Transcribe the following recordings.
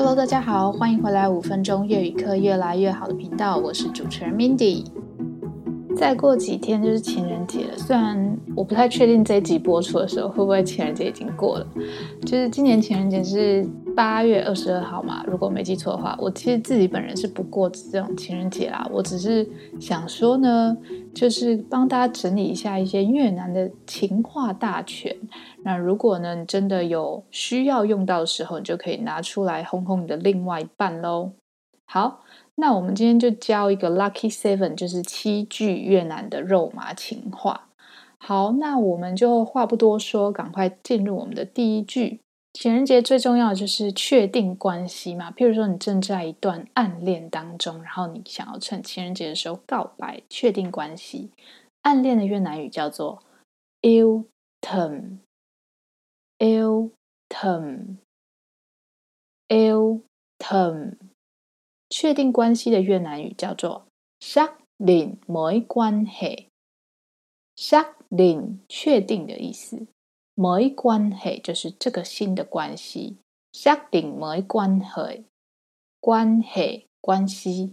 Hello，大家好，歡迎回來《五分鐘越語課》越來越好的頻道，我是主持人 Mindy。再過幾天就是情人節了，雖然我不太確定這一集播出的時候會不會情人節已經過了，就是今年情人節是。八月二十二號嘛，如果沒記錯的話，我其實自己本人是不過這種情人節啦。我只是想說呢，就是幫大家整理一下一些越南的情話大全。那如果呢，你真的有需要用到的時候，你就可以拿出來哄哄你的另外一半嘍。好，那我們今天就教一個 Lucky Seven，就是七句越南的肉麻情話。好，那我們就話不多說，趕快進入我們的第一句。情人節最重要的就是確定關係嘛。譬如說，你正在一段暗戀當中，然後你想要趁情人節的時候告白，確定關係。暗戀的越南語叫做 "yêu thầm"，"yêu thầm"，"yêu thầm"。確定關係的越南語叫做 "xác định mối quan hệ"，"xác định" 確定的意思。mối quan hệ 就是這個新的關係，確定 mối quan hệ 關係關係。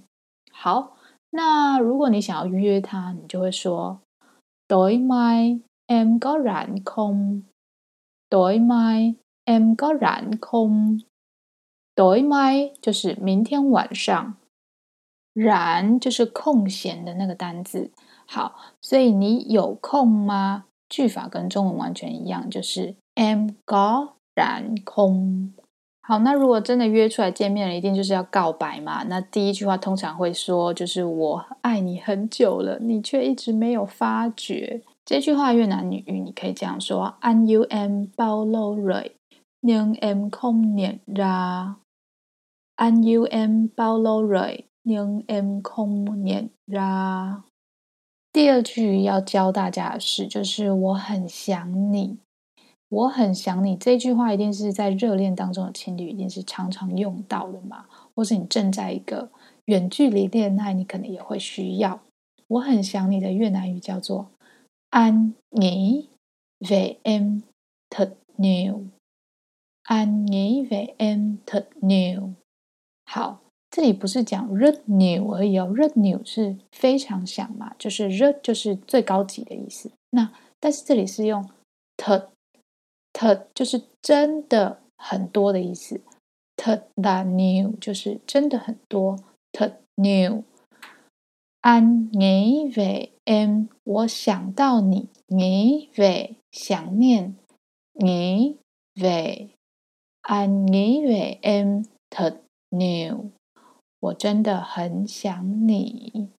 好，那如果你想要約他，你就會說：Tối mai, em có rảnh không？Tối mai, em có rảnh không？Tối mai 就是明天晚上。rảnh 就是空閒的那個單字。好，所以你有空嗎？句法跟中文完全一樣，就是 em có rảnh không。好，那如果真的約出來見面了，一定就是要告白嘛。那第一句話通常會說，就是我愛你很久了，你卻一直沒有發覺。這句話越南語你可以這樣說：Anh yêu em bao lâu rồi, nhưng em không nhận ra. Anh yêu em bao lâu rồi, nhưng em không nhận ra. 第二句要教大家的是，就是我很想你，我很想你。這句話一定是在熱戀當中的情侶，一定是常常用到的嘛，或是你正在一個遠距離戀愛，你可能也會需要。我很想你的越南語叫做 Anh nghĩ về em thật nhiều，Anh nghĩ về em thật nhiều，好。這裡不是講 rất nhiều 而已哦，rất nhiều 是非常想嘛，就是 rất 就是最高級的意思。那但是這裡是用 thật，thật，就是真的很多的意思。thật nhiều 就是真的很多。nhiều，Anh nghĩ về em 我想到你，nghĩ về 想念 nghĩ về，Anh nghĩ về em thật nhiều。我真的很想你，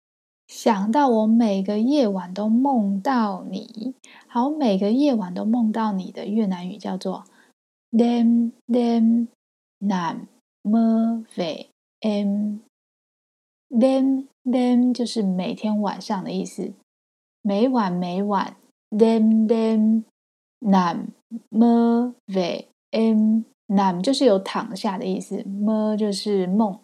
想到我每個夜晚都夢到你，好，每個夜晚都夢到你的越南語叫做 “đêm đêm nằm mơ về em”。đêm đêm 就是每天晚上的意思，每晚每晚。đêm đêm nằm mơ về em，nằm 就是有躺下的意思 mơ 就是夢。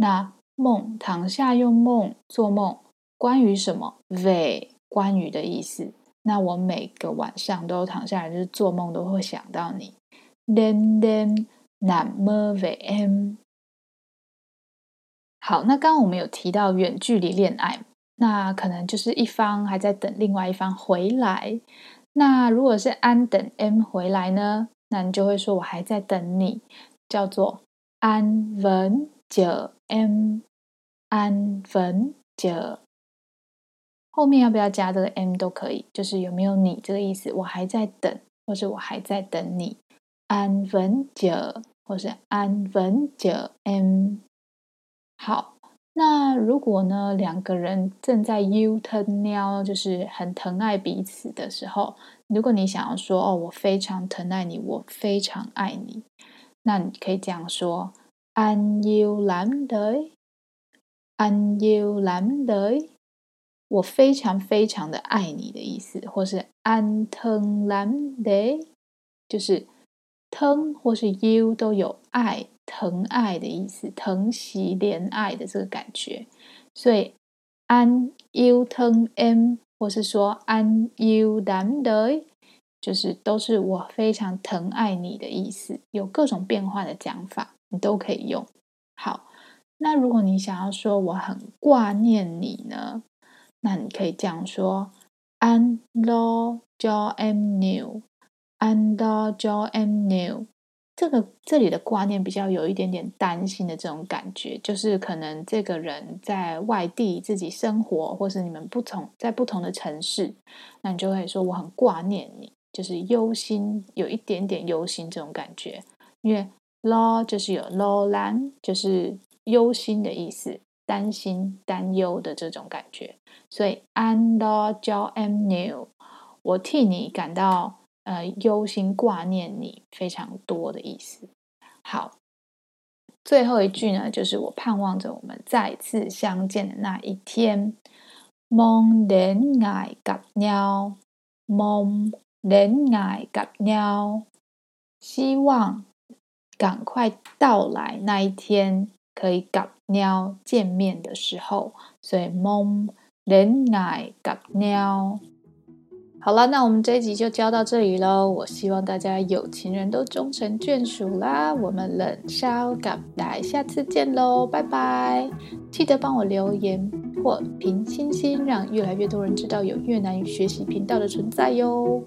那夢躺下用夢做夢，關於什麼？為，關於的意思。那我每個晚上都躺下來，就是做夢都會想到你。đêm đêm nằm mơ về em 好，那剛剛我們有提到遠距離戀愛，那可能就是一方還在等另外一方回來。那如果是安等 M 回來呢？那你就會說我還在等你，叫做安文。九 m 安分九，後面要不要加這個 m 都可以，就是有沒有你這個意思？我還在等，或是我還在等你。安分九，或是安分九 m。好，那如果呢，兩個人正在 yêu nhau，就是很疼愛彼此的時候，如果你想要說哦，我非常疼愛你，我非常愛你，那你可以這樣說。安悠難得，安悠難得，我非常非常的愛你的意思，或是安疼難得，就是疼或是 you 都有愛、疼愛的意思，疼惜、憐愛的這個感覺。所以安悠疼 m，或是說安悠難得，就是都是我非常疼愛你的意思，有各種變化的講法。你都可以用。好，那如果你想要說我很掛念你呢，那你可以這樣說：Anh lo cho em nhiều，Anh lo cho em nhiều。這個這裡的掛念比較有一點點擔心的這種感覺，就是可能這個人在外地自己生活，或是你們不同在不同的城市，那你就會說我很掛念你，就是憂心，有一點點憂心這種感覺，因為。lo 就是有 lo lắng 就是憂心的意思，擔心、擔憂的這種感覺。所以 Anh lo cho em nhiều，我替你感到呃憂心掛念你非常多的意思。好，最後一句呢，就是我盼望着我們再次相見的那一天。mong đến ngày gặp nhau，mong đến ngày gặp nhau 希望。趕快到來那一天，可以甲喵見面的時候，所以蒙人愛甲喵。好了，那我們這一集就教到這裡嘍。我希望大家有情人都終成眷屬啦。我們冷燒甲來，下次見嘍，拜拜！記得幫我留言或評星星，讓越來越多人知道有越南語學習頻道的存在喲。